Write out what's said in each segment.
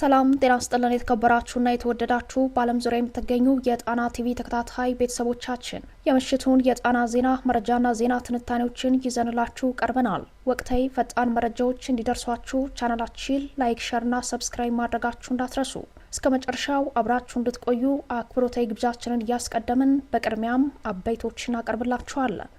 ሰላም ጤና ስጥልን። የተከበራችሁና የተወደዳችሁ በዓለም ዙሪያ የምትገኙ የጣና ቲቪ ተከታታይ ቤተሰቦቻችን የምሽቱን የጣና ዜና መረጃና ዜና ትንታኔዎችን ይዘንላችሁ ቀርበናል። ወቅታዊ ፈጣን መረጃዎች እንዲደርሷችሁ ቻናላችን ላይክ፣ ሸርና ሰብስክራይብ ማድረጋችሁ እንዳትረሱ እስከ መጨረሻው አብራችሁ እንድትቆዩ አክብሮታዊ ግብዣችንን እያስቀደምን በቅድሚያም አበይቶችን አቀርብላችኋለን።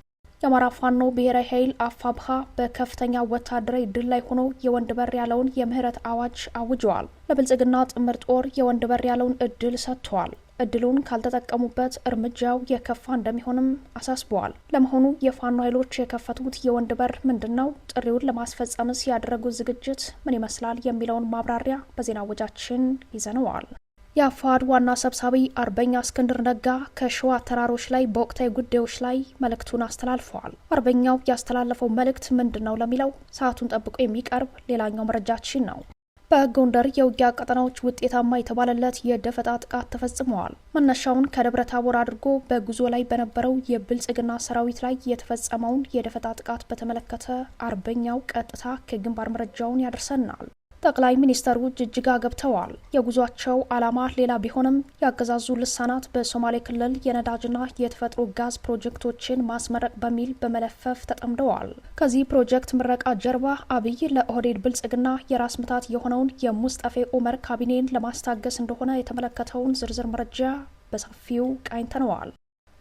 የአማራ ፋኖ ብሔራዊ ኃይል አፋብሃ በከፍተኛ ወታደራዊ ድል ላይ ሆኖ የወንድ በር ያለውን የምህረት አዋጅ አውጀዋል። ለብልጽግና ጥምር ጦር የወንድ በር ያለውን እድል ሰጥተዋል። እድሉን ካልተጠቀሙበት እርምጃው የከፋ እንደሚሆንም አሳስበዋል። ለመሆኑ የፋኖ ኃይሎች የከፈቱት የወንድ በር ምንድን ነው? ጥሪውን ለማስፈጸምስ ያደረጉት ዝግጅት ምን ይመስላል? የሚለውን ማብራሪያ በዜና ወጃችን ይዘነዋል። የአፋድ ዋና ሰብሳቢ አርበኛ እስክንድር ነጋ ከሸዋ ተራሮች ላይ በወቅታዊ ጉዳዮች ላይ መልእክቱን አስተላልፈዋል። አርበኛው ያስተላለፈው መልእክት ምንድን ነው ለሚለው ሰዓቱን ጠብቆ የሚቀርብ ሌላኛው መረጃችን ነው። በጎንደር የውጊያ ቀጠናዎች ውጤታማ የተባለለት የደፈጣ ጥቃት ተፈጽመዋል። መነሻውን ከደብረ ታቦር አድርጎ በጉዞ ላይ በነበረው የብልጽግና ሰራዊት ላይ የተፈጸመውን የደፈጣ ጥቃት በተመለከተ አርበኛው ቀጥታ ከግንባር መረጃውን ያደርሰናል። ጠቅላይ ሚኒስተሩ ጅጅጋ ገብተዋል። የጉዟቸው ዓላማ ሌላ ቢሆንም ያገዛዙ ልሳናት በሶማሌ ክልል የነዳጅና የተፈጥሮ ጋዝ ፕሮጀክቶችን ማስመረቅ በሚል በመለፈፍ ተጠምደዋል። ከዚህ ፕሮጀክት ምረቃ ጀርባ አብይ ለኦህዴድ ብልጽግና የራስ ምታት የሆነውን የሙስጠፌ ኡመር ካቢኔን ለማስታገስ እንደሆነ የተመለከተውን ዝርዝር መረጃ በሰፊው ቃኝተነዋል።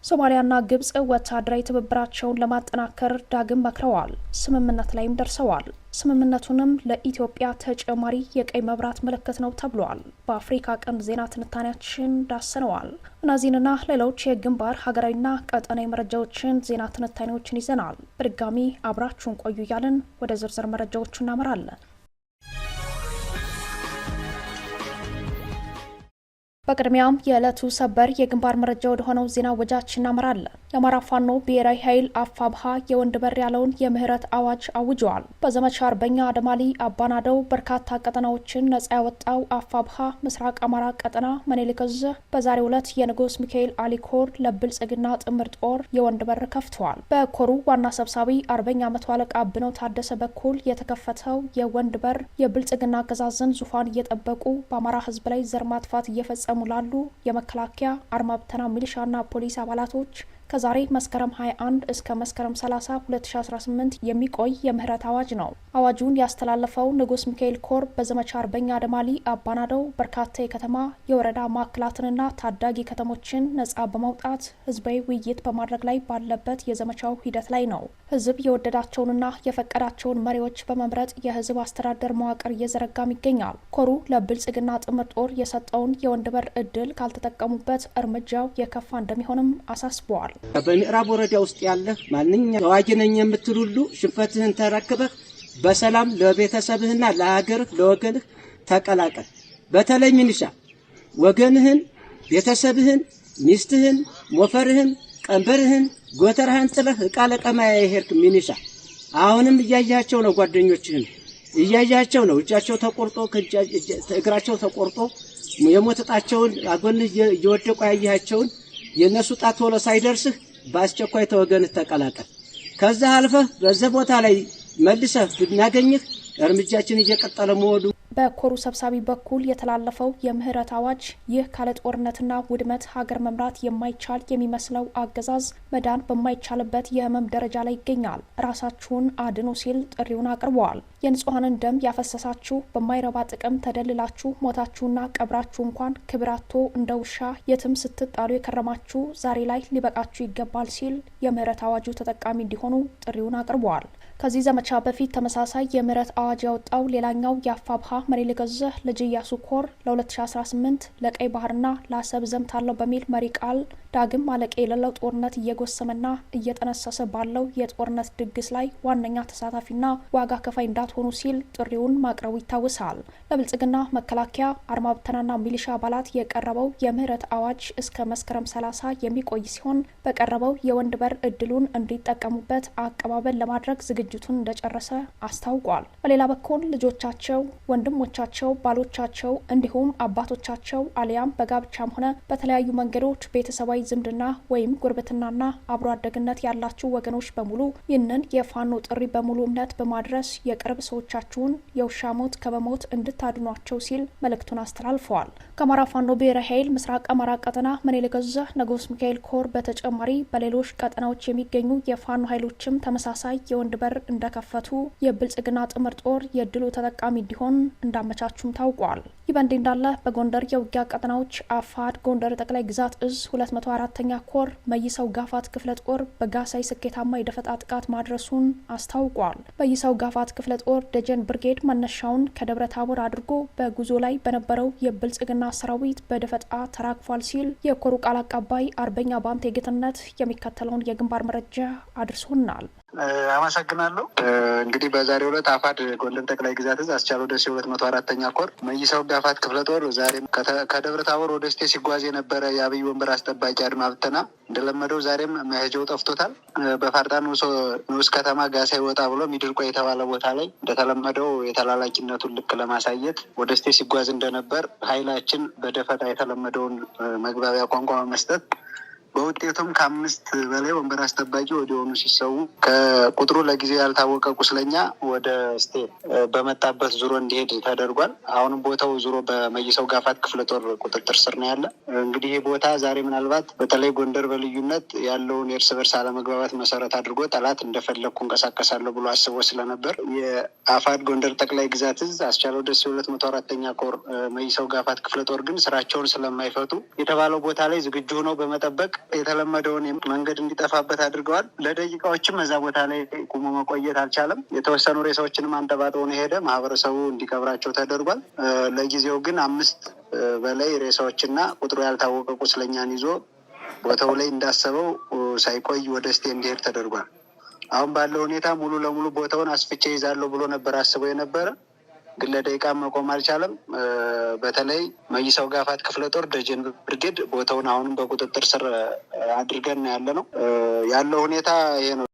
ሶማሊያና ግብጽ ወታደራዊ ትብብራቸውን ለማጠናከር ዳግም መክረዋል። ስምምነት ላይም ደርሰዋል። ስምምነቱንም ለኢትዮጵያ ተጨማሪ የቀይ መብራት ምልክት ነው ተብሏል። በአፍሪካ ቀንድ ዜና ትንታኔያችን ዳሰነዋል። እነዚህንና ሌሎች የግንባር ሀገራዊና ቀጠናዊ መረጃዎችን ዜና ትንታኔዎችን ይዘናል። በድጋሚ አብራችሁን ቆዩ እያልን ወደ ዝርዝር መረጃዎቹ እናመራለን። በቅድሚያም የዕለቱ ሰበር የግንባር መረጃ ወደ ሆነው ዜና ወጃችን እናመራለን። የአማራ ፋኖ ብሔራዊ ኃይል አፋብሃ የወንድ በር ያለውን የምህረት አዋጅ አውጀዋል። በዘመቻ አርበኛ አደማሊ አባናደው በርካታ ቀጠናዎችን ነጻ ያወጣው አፋብሃ ምስራቅ አማራ ቀጠና መኔሊክ በዛሬ በዛሬው ዕለት የንጉስ ሚካኤል አሊኮር ለብልጽግና ጥምር ጦር የወንድ በር ከፍተዋል። በኮሩ ዋና ሰብሳቢ አርበኛ መቶ አለቃ ብነው ታደሰ በኩል የተከፈተው የወንድ በር የብልጽግና አገዛዝን ዙፋን እየጠበቁ በአማራ ህዝብ ላይ ዘር ማጥፋት እየፈጸሙ የተሙላሉ የመከላከያ አርማብተና ሚሊሻና ፖሊስ አባላቶች ከዛሬ መስከረም 21 እስከ መስከረም 30 2018 የሚቆይ የምህረት አዋጅ ነው። አዋጁን ያስተላለፈው ንጉስ ሚካኤል ኮር በዘመቻ አርበኛ አደማሊ አባናደው በርካታ የከተማ የወረዳ ማዕከላትንና ታዳጊ ከተሞችን ነጻ በማውጣት ህዝባዊ ውይይት በማድረግ ላይ ባለበት የዘመቻው ሂደት ላይ ነው። ህዝብ የወደዳቸውንና የፈቀዳቸውን መሪዎች በመምረጥ የህዝብ አስተዳደር መዋቅር እየዘረጋም ይገኛል። ኮሩ ለብልጽግና ጥምር ጦር የሰጠውን የወንድ በር እድል ካልተጠቀሙበት እርምጃው የከፋ እንደሚሆንም አሳስበዋል። በምዕራብ ወረዳ ውስጥ ያለህ ማንኛውም ተዋጊ ነኝ የምትል ሁሉ ሽንፈትህን ተረክበህ በሰላም ለቤተሰብህና ለሀገርህ ለወገንህ ተቀላቀል። በተለይ ሚኒሻ ወገንህን፣ ቤተሰብህን፣ ሚስትህን፣ ሞፈርህን፣ ቀንበርህን፣ ጎተራህን ጥለህ ዕቃ ለቀማ የሄድክ ሚኒሻ አሁንም እያያቸው ነው። ጓደኞችህን እያያቸው ነው። እጃቸው ተቆርጦ እግራቸው ተቆርጦ የሞት ዕጣቸውን አጎን እየወደቁ ያያቸውን የእነሱ ጣት ቶሎ ሳይደርስህ በአስቸኳይ ተወገንህ ተቀላቀል። ከዛ አልፈህ በዚህ ቦታ ላይ መልሰህ ብናገኝህ እርምጃችን እየቀጠለ መሆኑ በኮሩ ሰብሳቢ በኩል የተላለፈው የምህረት አዋጅ ይህ ካለ ጦርነትና ውድመት ሀገር መምራት የማይቻል የሚመስለው አገዛዝ መዳን በማይቻልበት የህመም ደረጃ ላይ ይገኛል፣ ራሳችሁን አድኑ ሲል ጥሪውን አቅርበዋል። የንጹሐንን ደም ያፈሰሳችሁ በማይረባ ጥቅም ተደልላችሁ ሞታችሁና ቀብራችሁ እንኳን ክብራቶ እንደ ውሻ የትም ስትጣሉ የከረማችሁ ዛሬ ላይ ሊበቃችሁ ይገባል ሲል የምህረት አዋጁ ተጠቃሚ እንዲሆኑ ጥሪውን አቅርበዋል። ከዚህ ዘመቻ በፊት ተመሳሳይ የምህረት አዋጅ ያወጣው ሌላኛው የአፋብሃ መሪ ልገዝህ ልጅ እያሱ ኮር ለ2018 ለቀይ ባህርና ለአሰብ ዘምት አለው በሚል መሪ ቃል ዳግም ማለቂያ የሌለው ጦርነት እየጎሰመና እየጠነሰሰ ባለው የጦርነት ድግስ ላይ ዋነኛ ተሳታፊና ዋጋ ከፋይ እንዳትሆኑ ሲል ጥሪውን ማቅረቡ ይታወሳል። ለብልጽግና መከላከያ አርማብተናና ሚሊሻ አባላት የቀረበው የምህረት አዋጅ እስከ መስከረም 30 የሚቆይ ሲሆን በቀረበው የወንድ በር እድሉን እንዲጠቀሙበት አቀባበል ለማድረግ ዝግጅ ዝግጅቱን እንደጨረሰ አስታውቋል። በሌላ በኩል ልጆቻቸው፣ ወንድሞቻቸው፣ ባሎቻቸው እንዲሁም አባቶቻቸው አሊያም በጋብቻም ሆነ በተለያዩ መንገዶች ቤተሰባዊ ዝምድና ወይም ጉርብትናና አብሮ አደግነት ያላችሁ ወገኖች በሙሉ ይህንን የፋኖ ጥሪ በሙሉ እምነት በማድረስ የቅርብ ሰዎቻችሁን የውሻ ሞት ከመሞት እንድታድኗቸው ሲል መልእክቱን አስተላልፈዋል። ከአማራ ፋኖ ብሔራዊ ኃይል ምስራቅ አማራ ቀጠና መኔልገዛ ንጉስ ሚካኤል ኮር በተጨማሪ በሌሎች ቀጠናዎች የሚገኙ የፋኖ ኃይሎችም ተመሳሳይ የወንድ በር እንደከፈቱ የብልጽግና ጥምር ጦር የድሉ ተጠቃሚ እንዲሆን እንዳመቻቹም ታውቋል። ይህ በእንዲህ እንዳለ በጎንደር የውጊያ ቀጠናዎች አፋድ ጎንደር ጠቅላይ ግዛት እዝ 204ኛ ኮር መይሰው ጋፋት ክፍለ ጦር በጋሳይ ስኬታማ የደፈጣ ጥቃት ማድረሱን አስታውቋል። መይሰው ጋፋት ክፍለ ጦር ደጀን ብርጌድ መነሻውን ከደብረ ታቦር አድርጎ በጉዞ ላይ በነበረው የብልጽግና ሰራዊት በደፈጣ ተራክፏል ሲል የኮሩ ቃል አቀባይ አርበኛ ባንት ጌትነት የሚከተለውን የግንባር መረጃ አድርሶናል። አመሰግናለሁ። እንግዲህ በዛሬው ዕለት አፋድ ጎንደር ጠቅላይ ግዛት እዝ አስቻለው ደሴ ሁለት መቶ አራተኛ ኮር መይሰው ጋፋት ክፍለ ጦር ዛሬም ከደብረ ታቦር ወደ ስቴ ሲጓዝ የነበረ የአብይ ወንበር አስጠባቂ አድማ ብተና እንደለመደው ዛሬም መሄጃው ጠፍቶታል። በፋርጣ ንዑስ ከተማ ጋሳይ ወጣ ብሎ ሚድርቆ የተባለ ቦታ ላይ እንደተለመደው የተላላኪነቱን ልክ ለማሳየት ወደ ስቴ ሲጓዝ እንደነበር ኃይላችን በደፈጣ የተለመደውን መግባቢያ ቋንቋ መስጠት በውጤቱም ከአምስት በላይ ወንበር አስጠባቂ ወዲሆኑ ሲሰዉ ከቁጥሩ ለጊዜ ያልታወቀ ቁስለኛ ወደ ስቴት በመጣበት ዙሮ እንዲሄድ ተደርጓል። አሁንም ቦታው ዙሮ በመይሰው ጋፋት ክፍለ ጦር ቁጥጥር ስር ነው ያለ። እንግዲህ ይህ ቦታ ዛሬ ምናልባት በተለይ ጎንደር በልዩነት ያለውን የእርስ በርስ አለመግባባት መሰረት አድርጎ ጠላት እንደፈለግኩ እንቀሳቀሳለሁ ብሎ አስቦ ስለነበር የአፋድ ጎንደር ጠቅላይ ግዛት እዝ አስቻለው ደስ ሁለት መቶ አራተኛ ኮር መይሰው ጋፋት ክፍለ ጦር ግን ስራቸውን ስለማይፈቱ የተባለው ቦታ ላይ ዝግጁ ሆነው በመጠበቅ የተለመደውን መንገድ እንዲጠፋበት አድርገዋል። ለደቂቃዎችም እዛ ቦታ ላይ ቁሞ መቆየት አልቻለም። የተወሰኑ ሬሳዎችንም አንጠባጥቦ ነው ሄደ። ማህበረሰቡ እንዲቀብራቸው ተደርጓል። ለጊዜው ግን አምስት በላይ ሬሳዎችና ቁጥሩ ያልታወቀ ቁስለኛን ይዞ ቦታው ላይ እንዳሰበው ሳይቆይ ወደ ስቴ እንዲሄድ ተደርጓል። አሁን ባለው ሁኔታ ሙሉ ለሙሉ ቦታውን አስፍቼ ይዛለሁ ብሎ ነበር አስበው የነበረ ግን ለደቂቃ መቆም አልቻለም። በተለይ መይሰው ጋፋት ክፍለ ጦር ደጀን ብርጌድ ቦታውን አሁንም በቁጥጥር ስር አድርገን ያለ ነው ያለው ሁኔታ ይሄ ነው።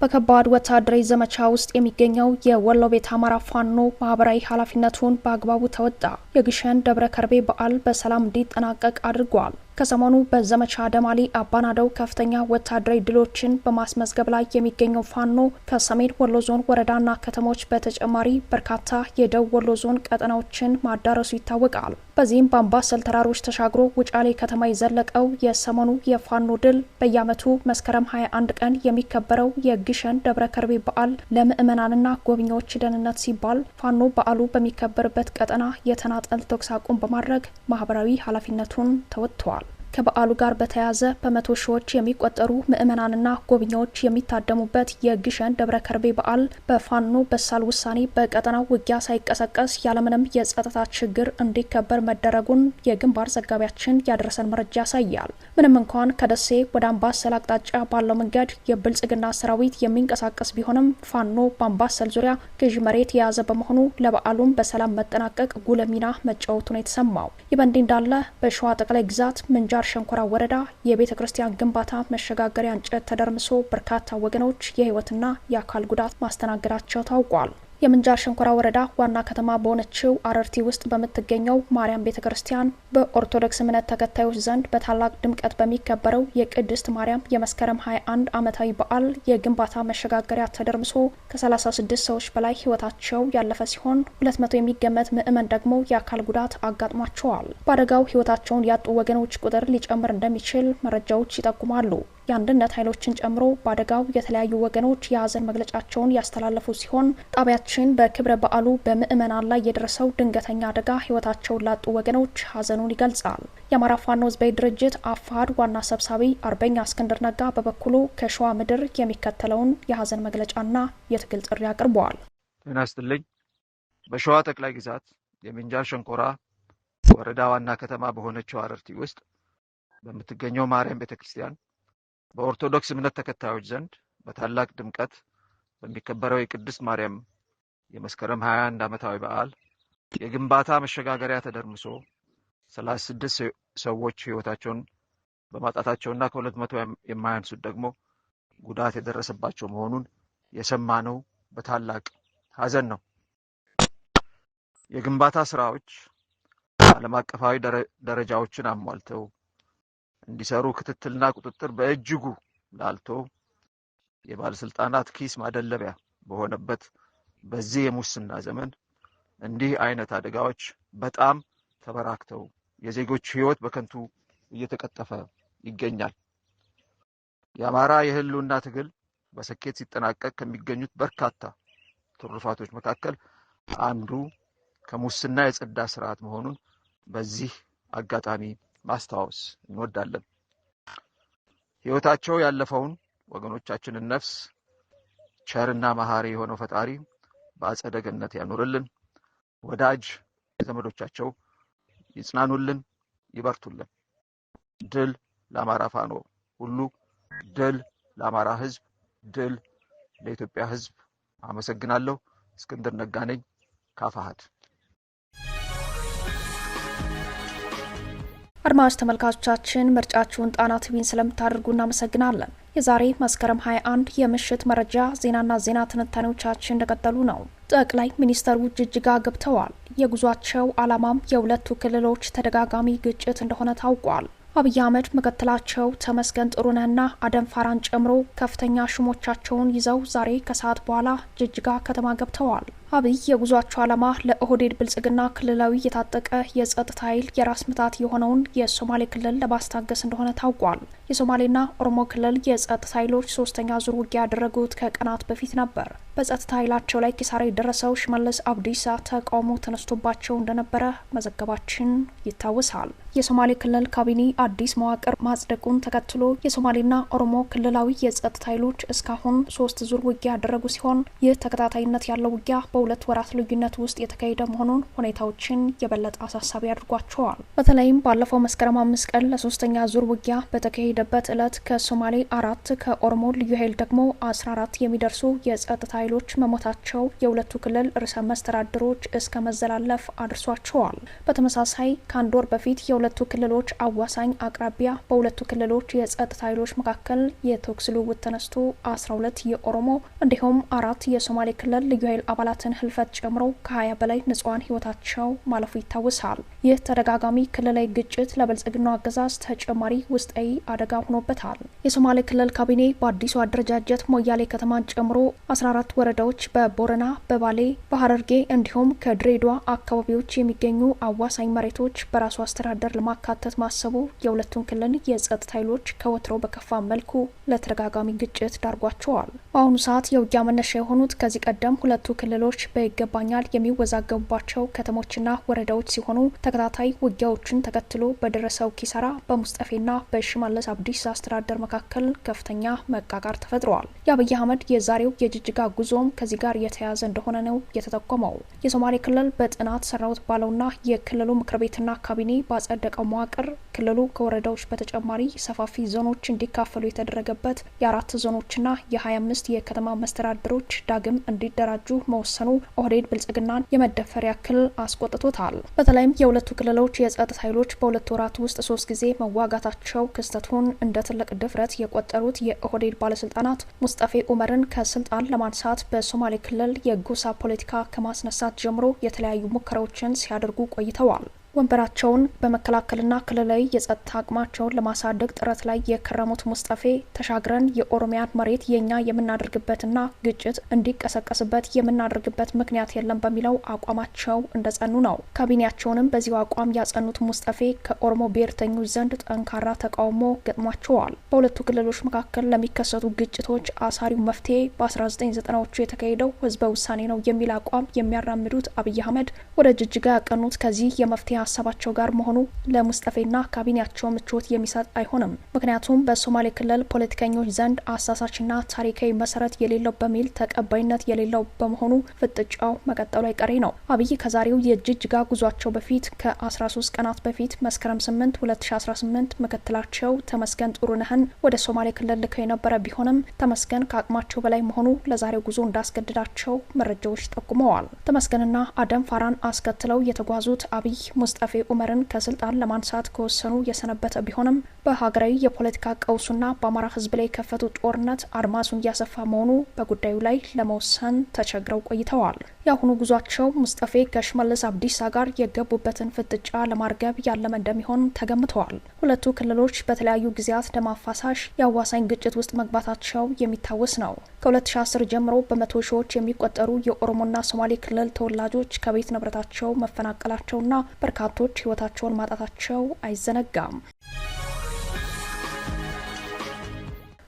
በከባድ ወታደራዊ ዘመቻ ውስጥ የሚገኘው የወሎ ቤት አማራ ፋኖ ማህበራዊ ኃላፊነቱን በአግባቡ ተወጣ። የግሸን ደብረ ከርቤ በዓል በሰላም እንዲጠናቀቅ አድርጓል። ከሰሞኑ በዘመቻ ደማሊ አባናደው ከፍተኛ ወታደራዊ ድሎችን በማስመዝገብ ላይ የሚገኘው ፋኖ ከሰሜን ወሎ ዞን ወረዳና ከተሞች በተጨማሪ በርካታ የደቡብ ወሎ ዞን ቀጠናዎችን ማዳረሱ ይታወቃል። በዚህም በአምባሰል ተራሮች ተሻግሮ ውጫሌ ከተማ የዘለቀው የሰሞኑ የፋኖ ድል በየዓመቱ መስከረም 21 ቀን የሚከበረው የግሸን ደብረ ከርቤ በዓል ለምዕመናንና ጎብኚዎች ደህንነት ሲባል ፋኖ በዓሉ በሚከበርበት ቀጠና የተናጠል ተኩስ አቁም በማድረግ ማህበራዊ ኃላፊነቱን ተወጥተዋል። ከበዓሉ ጋር በተያያዘ በመቶ ሺዎች የሚቆጠሩ ምዕመናንና ጎብኚዎች የሚታደሙበት የግሸን ደብረ ከርቤ በዓል በፋኖ በሳል ውሳኔ በቀጠናው ውጊያ ሳይቀሰቀስ ያለምንም የጸጥታ ችግር እንዲከበር መደረጉን የግንባር ዘጋቢያችን ያደረሰን መረጃ ያሳያል። ምንም እንኳን ከደሴ ወደ አምባሰል አቅጣጫ ባለው መንገድ የብልጽግና ሰራዊት የሚንቀሳቀስ ቢሆንም ፋኖ በአምባሰል ዙሪያ ገዢ መሬት የያዘ በመሆኑ ለበዓሉም በሰላም መጠናቀቅ ጉልህ ሚና መጫወቱ ነው የተሰማው። ይህ በእንዲህ እንዳለ በሸዋ ጠቅላይ ግዛት ምንጃር ሸንኮራ ወረዳ የቤተ ክርስቲያን ግንባታ መሸጋገሪያ እንጨት ተደርምሶ በርካታ ወገኖች የህይወትና የአካል ጉዳት ማስተናገዳቸው ታውቋል። የምንጃር ሸንኮራ ወረዳ ዋና ከተማ በሆነችው አረርቲ ውስጥ በምትገኘው ማርያም ቤተ ክርስቲያን በኦርቶዶክስ እምነት ተከታዮች ዘንድ በታላቅ ድምቀት በሚከበረው የቅድስት ማርያም የመስከረም 21 ዓመታዊ በዓል የግንባታ መሸጋገሪያ ተደርምሶ ከ36 ሰዎች በላይ ሕይወታቸው ያለፈ ሲሆን 200 የሚገመት ምዕመን ደግሞ የአካል ጉዳት አጋጥሟቸዋል። በአደጋው ሕይወታቸውን ያጡ ወገኖች ቁጥር ሊጨምር እንደሚችል መረጃዎች ይጠቁማሉ። የአንድነት ኃይሎችን ጨምሮ በአደጋው የተለያዩ ወገኖች የሀዘን መግለጫቸውን ያስተላለፉ ሲሆን ጣቢያችን በክብረ በዓሉ በምዕመናን ላይ የደረሰው ድንገተኛ አደጋ ህይወታቸውን ላጡ ወገኖች ሀዘኑን ይገልጻል። የአማራ ፋኖ ህዝባዊ ድርጅት አፋሕድ ዋና ሰብሳቢ አርበኛ እስክንድር ነጋ በበኩሉ ከሸዋ ምድር የሚከተለውን የሀዘን መግለጫና የትግል ጥሪ አቅርበዋል። ጤና በሸዋ ጠቅላይ ግዛት የምንጃር ሸንኮራ ወረዳ ዋና ከተማ በሆነችው አረርቲ ውስጥ በምትገኘው ማርያም ቤተክርስቲያን በኦርቶዶክስ እምነት ተከታዮች ዘንድ በታላቅ ድምቀት በሚከበረው የቅድስት ማርያም የመስከረም 21 ዓመታዊ በዓል የግንባታ መሸጋገሪያ ተደርምሶ 36 ሰዎች ሕይወታቸውን በማጣታቸውና ከሁለት 200 የማያንሱት ደግሞ ጉዳት የደረሰባቸው መሆኑን የሰማነው በታላቅ ሐዘን ነው። የግንባታ ስራዎች ዓለም አቀፋዊ ደረጃዎችን አሟልተው እንዲሰሩ ክትትልና ቁጥጥር በእጅጉ ላልቶ የባለስልጣናት ኪስ ማደለቢያ በሆነበት በዚህ የሙስና ዘመን እንዲህ አይነት አደጋዎች በጣም ተበራክተው የዜጎች ሕይወት በከንቱ እየተቀጠፈ ይገኛል። የአማራ የህልውና ትግል በስኬት ሲጠናቀቅ ከሚገኙት በርካታ ትሩፋቶች መካከል አንዱ ከሙስና የጸዳ ስርዓት መሆኑን በዚህ አጋጣሚ ማስታወስ እንወዳለን። ሕይወታቸው ያለፈውን ወገኖቻችንን ነፍስ ቸርና መሐሪ የሆነው ፈጣሪ በአጸደ ገነት ያኑርልን። ወዳጅ ዘመዶቻቸው ይጽናኑልን፣ ይበርቱልን። ድል ለአማራ ፋኖ ሁሉ፣ ድል ለአማራ ሕዝብ፣ ድል ለኢትዮጵያ ሕዝብ። አመሰግናለሁ። እስክንድር ነጋ ነኝ አድማጭ ተመልካቾቻችን ምርጫችሁን ጣና ቲቪን ስለምታደርጉ እናመሰግናለን። የዛሬ መስከረም 21 የምሽት መረጃ ዜናና ዜና ትንታኔዎቻችን እንደቀጠሉ ነው። ጠቅላይ ሚኒስትሩ ጅጅጋ ገብተዋል። የጉዟቸው ዓላማም የሁለቱ ክልሎች ተደጋጋሚ ግጭት እንደሆነ ታውቋል። አብይ አህመድ ምክትላቸው ተመስገን ጥሩነህና አደም ፋራን ጨምሮ ከፍተኛ ሹሞቻቸውን ይዘው ዛሬ ከሰዓት በኋላ ጅጅጋ ከተማ ገብተዋል። አብይ የጉዟቸው ዓላማ ለኦህዴድ ብልጽግና ክልላዊ የታጠቀ የጸጥታ ኃይል የራስ ምታት የሆነውን የሶማሌ ክልል ለማስታገስ እንደሆነ ታውቋል። የሶማሌና ኦሮሞ ክልል የጸጥታ ኃይሎች ሶስተኛ ዙር ውጊያ ያደረጉት ከቀናት በፊት ነበር። በጸጥታ ኃይላቸው ላይ ኪሳራ የደረሰው ሽመልስ አብዲሳ ተቃውሞ ተነስቶባቸው እንደነበረ መዘገባችን ይታወሳል። የሶማሌ ክልል ካቢኔ አዲስ መዋቅር ማጽደቁን ተከትሎ የሶማሌና ኦሮሞ ክልላዊ የጸጥታ ኃይሎች እስካሁን ሶስት ዙር ውጊያ ያደረጉ ሲሆን ይህ ተከታታይነት ያለው ውጊያ በሁለት ወራት ልዩነት ውስጥ የተካሄደ መሆኑን ሁኔታዎችን የበለጠ አሳሳቢ አድርጓቸዋል። በተለይም ባለፈው መስከረም አምስት ቀን ለሶስተኛ ዙር ውጊያ በተካሄደበት ዕለት ከሶማሌ አራት ከኦሮሞ ልዩ ኃይል ደግሞ አስራ አራት የሚደርሱ የጸጥታ ኃይሎች መሞታቸው የሁለቱ ክልል ርዕሰ መስተዳድሮች እስከ መዘላለፍ አድርሷቸዋል። በተመሳሳይ ከአንድ ወር በፊት የሁለቱ ክልሎች አዋሳኝ አቅራቢያ በሁለቱ ክልሎች የጸጥታ ኃይሎች መካከል የተኩስ ልውውጥ ተነስቶ አስራ ሁለት የኦሮሞ እንዲሁም አራት የሶማሌ ክልል ልዩ ኃይል አባላት ህጻናትን ህልፈት ጨምሮ ከ20 በላይ ንጹሐን ህይወታቸው ማለፉ ይታወሳል። ይህ ተደጋጋሚ ክልላዊ ግጭት ለብልጽግናው አገዛዝ ተጨማሪ ውስጣዊ አደጋ ሆኖበታል። የሶማሌ ክልል ካቢኔ በአዲሱ አደረጃጀት ሞያሌ ከተማን ጨምሮ 14 ወረዳዎች በቦረና በባሌ በሀረርጌ እንዲሁም ከድሬዳዋ አካባቢዎች የሚገኙ አዋሳኝ መሬቶች በራሱ አስተዳደር ለማካተት ማሰቡ የሁለቱን ክልል የጸጥታ ኃይሎች ከወትሮው በከፋ መልኩ ለተደጋጋሚ ግጭት ዳርጓቸዋል። በአሁኑ ሰዓት የውጊያ መነሻ የሆኑት ከዚህ ቀደም ሁለቱ ክልሎች በይገባኛል የሚወዛገቡባቸው ከተሞችና ወረዳዎች ሲሆኑ ተከታታይ ውጊያዎችን ተከትሎ በደረሰው ኪሳራ በሙስጠፌና በሽማለስ አብዲስ አስተዳደር መካከል ከፍተኛ መቃቃር ተፈጥረዋል። የአብይ አህመድ የዛሬው የጅጅጋ ጉዞም ከዚህ ጋር የተያያዘ እንደሆነ ነው የተጠቆመው። የሶማሌ ክልል በጥናት ሰራውት ባለውና የክልሉ ምክር ቤትና ካቢኔ ባጸደቀው መዋቅር ክልሉ ከወረዳዎች በተጨማሪ ሰፋፊ ዞኖች እንዲካፈሉ የተደረገበት የአራት ዞኖችና የ25 የከተማ መስተዳድሮች ዳግም እንዲደራጁ መወሰኑ ኦህዴድ ብልጽግናን የመደፈር ያክል አስቆጥቶታል። በተለይም በሁለቱ ክልሎች የጸጥታ ኃይሎች በሁለት ወራት ውስጥ ሶስት ጊዜ መዋጋታቸው ክስተቱን እንደ ትልቅ ድፍረት የቆጠሩት የኦህዴድ ባለስልጣናት ሙስጠፌ ኡመርን ከስልጣን ለማንሳት በሶማሌ ክልል የጎሳ ፖለቲካ ከማስነሳት ጀምሮ የተለያዩ ሙከራዎችን ሲያደርጉ ቆይተዋል። ወንበራቸውን በመከላከልና ክልላዊ የጸጥታ አቅማቸውን ለማሳደግ ጥረት ላይ የከረሙት ሙስጠፌ ተሻግረን የኦሮሚያን መሬት የእኛ የምናደርግበትና ግጭት እንዲቀሰቀስበት የምናደርግበት ምክንያት የለም በሚለው አቋማቸው እንደጸኑ ነው። ካቢኔያቸውንም በዚሁ አቋም ያጸኑት ሙስጠፌ ከኦሮሞ ብሔርተኞች ዘንድ ጠንካራ ተቃውሞ ገጥሟቸዋል። በሁለቱ ክልሎች መካከል ለሚከሰቱ ግጭቶች አሳሪው መፍትሄ በ1990ዎቹ የተካሄደው ህዝበ ውሳኔ ነው የሚል አቋም የሚያራምዱት አብይ አህመድ ወደ ጅጅጋ ያቀኑት ከዚህ የመፍትሄ ሀሳባቸው ጋር መሆኑ ለሙስጠፌና ካቢኔያቸው ምቾት የሚሰጥ አይሆንም። ምክንያቱም በሶማሌ ክልል ፖለቲከኞች ዘንድ አሳሳችና ታሪካዊ መሰረት የሌለው በሚል ተቀባይነት የሌለው በመሆኑ ፍጥጫው መቀጠሉ አይቀሬ ነው። አብይ ከዛሬው የጅጅጋ ጉዟቸው በፊት ከ13 ቀናት በፊት መስከረም 8 2018 ምክትላቸው ተመስገን ጥሩነህን ወደ ሶማሌ ክልል ልከው የነበረ ቢሆንም ተመስገን ከአቅማቸው በላይ መሆኑ ለዛሬው ጉዞ እንዳስገድዳቸው መረጃዎች ጠቁመዋል። ተመስገንና አደም ፋራን አስከትለው የተጓዙት አብይ ሙስ ሙስጠፌ ኡመርን ከስልጣን ለማንሳት ከወሰኑ የሰነበተ ቢሆንም በሀገራዊ የፖለቲካ ቀውሱና በአማራ ሕዝብ ላይ የከፈቱ ጦርነት አድማሱን እያሰፋ መሆኑ በጉዳዩ ላይ ለመወሰን ተቸግረው ቆይተዋል። የአሁኑ ጉዟቸው ሙስጠፌ ከሽመልስ አብዲሳ ጋር የገቡበትን ፍጥጫ ለማርገብ ያለመ እንደሚሆን ተገምተዋል። ሁለቱ ክልሎች በተለያዩ ጊዜያት ደም አፋሳሽ የአዋሳኝ ግጭት ውስጥ መግባታቸው የሚታወስ ነው። ከ2010 ጀምሮ በመቶ ሺዎች የሚቆጠሩ የኦሮሞና ሶማሌ ክልል ተወላጆች ከቤት ንብረታቸው መፈናቀላቸውና በርካቶች ህይወታቸውን ማጣታቸው አይዘነጋም።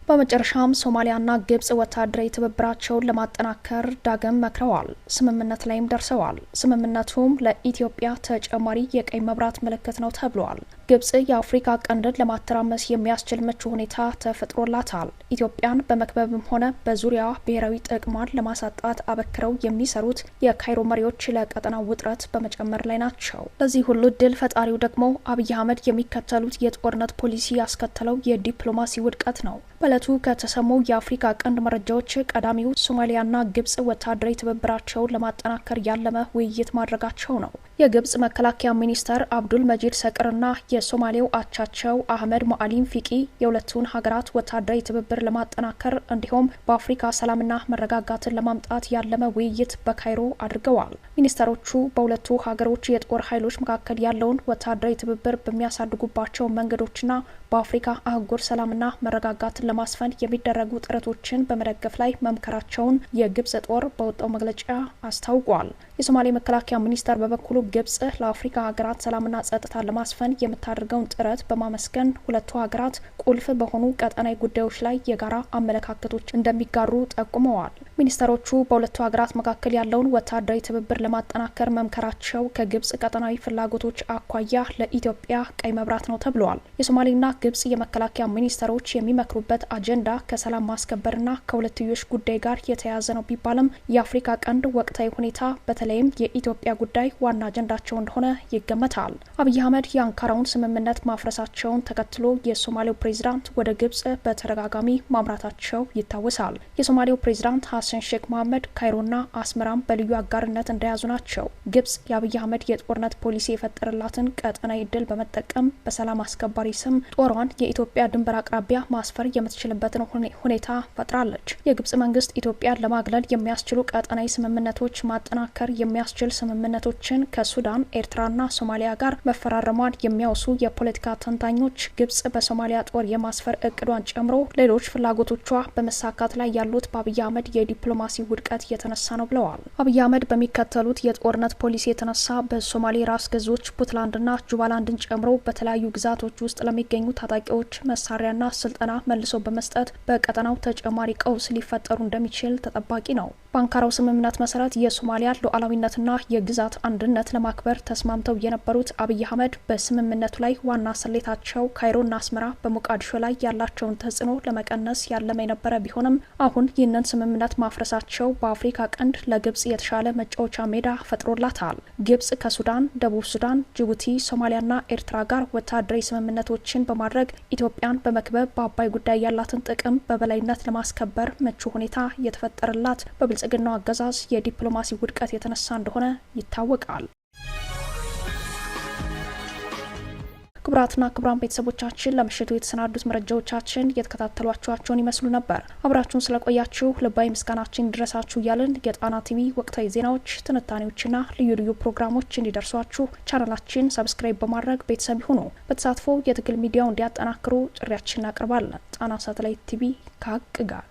በመጨረሻም ሶማሊያና ግብጽ ወታደራዊ ትብብራቸውን ለማጠናከር ዳግም መክረዋል። ስምምነት ላይም ደርሰዋል። ስምምነቱም ለኢትዮጵያ ተጨማሪ የቀይ መብራት ምልክት ነው ተብሏል። ግብጽ የአፍሪካ ቀንድን ለማተራመስ የሚያስችል ምቹ ሁኔታ ተፈጥሮላታል። ኢትዮጵያን በመክበብም ሆነ በዙሪያዋ ብሔራዊ ጥቅሟን ለማሳጣት አበክረው የሚሰሩት የካይሮ መሪዎች ለቀጠናው ውጥረት በመጨመር ላይ ናቸው። ለዚህ ሁሉ ድል ፈጣሪው ደግሞ አብይ አህመድ የሚከተሉት የጦርነት ፖሊሲ ያስከተለው የዲፕሎማሲ ውድቀት ነው። በእለቱ ከተሰሙ የአፍሪካ ቀንድ መረጃዎች ቀዳሚው ሶማሊያና ግብጽ ወታደራዊ ትብብራቸውን ለማጠናከር ያለመ ውይይት ማድረጋቸው ነው። የግብጽ መከላከያ ሚኒስተር አብዱል መጂድ ሰቅርና የሶማሌው አቻቸው አህመድ ሞአሊም ፊቂ የሁለቱን ሀገራት ወታደራዊ ትብብር ለማጠናከር እንዲሁም በአፍሪካ ሰላምና መረጋጋትን ለማምጣት ያለመ ውይይት በካይሮ አድርገዋል። ሚኒስተሮቹ በሁለቱ ሀገሮች የጦር ኃይሎች መካከል ያለውን ወታደራዊ ትብብር በሚያሳድጉባቸው መንገዶችና በአፍሪካ አህጉር ሰላምና መረጋጋትን ለማስፈን የሚደረጉ ጥረቶችን በመደገፍ ላይ መምከራቸውን የግብጽ ጦር በወጣው መግለጫ አስታውቋል። የሶማሌ መከላከያ ሚኒስቴር በበኩሉ ግብጽ ለአፍሪካ ሀገራት ሰላምና ጸጥታ ለማስፈን የምታደርገውን ጥረት በማመስገን ሁለቱ ሀገራት ቁልፍ በሆኑ ቀጠናዊ ጉዳዮች ላይ የጋራ አመለካከቶች እንደሚጋሩ ጠቁመዋል። ሚኒስተሮቹ በሁለቱ ሀገራት መካከል ያለውን ወታደራዊ ትብብር ለማጠናከር መምከራቸው ከግብጽ ቀጠናዊ ፍላጎቶች አኳያ ለኢትዮጵያ ቀይ መብራት ነው ተብለዋል። የሶማሌና ግብጽ የመከላከያ ሚኒስተሮች የሚመክሩበት አጀንዳ ከሰላም ማስከበርና ከሁለትዮሽ ጉዳይ ጋር የተያያዘ ነው ቢባልም የአፍሪካ ቀንድ ወቅታዊ ሁኔታ በተለይም የኢትዮጵያ ጉዳይ ዋና አጀንዳቸው እንደሆነ ይገመታል። አብይ አህመድ የአንካራውን ስምምነት ማፍረሳቸውን ተከትሎ የሶማሌው ፕሬዚዳንት ወደ ግብጽ በተደጋጋሚ ማምራታቸው ይታወሳል። የሶማሌው ፕሬዚዳንት ሐሰን ሼክ መሐመድ ካይሮና አስመራም በልዩ አጋርነት እንደያዙ ናቸው። ግብጽ የአብይ አህመድ የጦርነት ፖሊሲ የፈጠረላትን ቀጠናዊ ይድል በመጠቀም በሰላም አስከባሪ ስም ጦሯን የኢትዮጵያ ድንበር አቅራቢያ ማስፈር የምትችልበትን ሁኔታ ፈጥራለች። የግብጽ መንግስት ኢትዮጵያን ለማግለል የሚያስችሉ ቀጠናዊ ስምምነቶች ማጠናከር የሚያስችል ስምምነቶችን ከሱዳን ኤርትራና ሶማሊያ ጋር መፈራረሟን የሚያውሱ የፖለቲካ ተንታኞች ግብጽ በሶማሊያ ጦር የማስፈር እቅዷን ጨምሮ ሌሎች ፍላጎቶቿ በመሳካት ላይ ያሉት በአብይ አህመድ የዲ ዲፕሎማሲ ውድቀት እየተነሳ ነው ብለዋል። አብይ አህመድ በሚከተሉት የጦርነት ፖሊሲ የተነሳ በሶማሌ ራስ ገዞች ፑትላንድና ጁባላንድን ጨምሮ በተለያዩ ግዛቶች ውስጥ ለሚገኙ ታጣቂዎች መሳሪያና ስልጠና መልሶ በመስጠት በቀጠናው ተጨማሪ ቀውስ ሊፈጠሩ እንደሚችል ተጠባቂ ነው። በአንካራው ስምምነት መሰረት የሶማሊያ ሉዓላዊነትና የግዛት አንድነት ለማክበር ተስማምተው የነበሩት አብይ አህመድ በስምምነቱ ላይ ዋና ስሌታቸው ካይሮና አስመራ በሞቃዲሾ ላይ ያላቸውን ተጽዕኖ ለመቀነስ ያለመ የነበረ ቢሆንም አሁን ይህንን ስምምነት ማፍረሳቸው በአፍሪካ ቀንድ ለግብጽ የተሻለ መጫወቻ ሜዳ ፈጥሮላታል። ግብጽ ከሱዳን፣ ደቡብ ሱዳን፣ ጅቡቲ፣ ሶማሊያና ኤርትራ ጋር ወታደራዊ ስምምነቶችን በማድረግ ኢትዮጵያን በመክበብ በአባይ ጉዳይ ያላትን ጥቅም በበላይነት ለማስከበር ምቹ ሁኔታ የተፈጠረላት በብል የብልጽግናው አገዛዝ የዲፕሎማሲ ውድቀት የተነሳ እንደሆነ ይታወቃል። ክቡራትና ክቡራን ቤተሰቦቻችን ለምሽቱ የተሰናዱት መረጃዎቻችን እየተከታተሏችኋቸውን ይመስሉ ነበር። አብራችሁን ስለቆያችሁ ልባዊ ምስጋናችን ድረሳችሁ እያልን የጣና ቲቪ ወቅታዊ ዜናዎች፣ ትንታኔዎችና ልዩ ልዩ ፕሮግራሞች እንዲደርሷችሁ ቻናላችን ሰብስክራይብ በማድረግ ቤተሰብ ይሁኑ። በተሳትፎ የትግል ሚዲያው እንዲያጠናክሩ ጥሪያችን እናቀርባለን። ጣና ሳተላይት ቲቪ ከሀቅ ጋር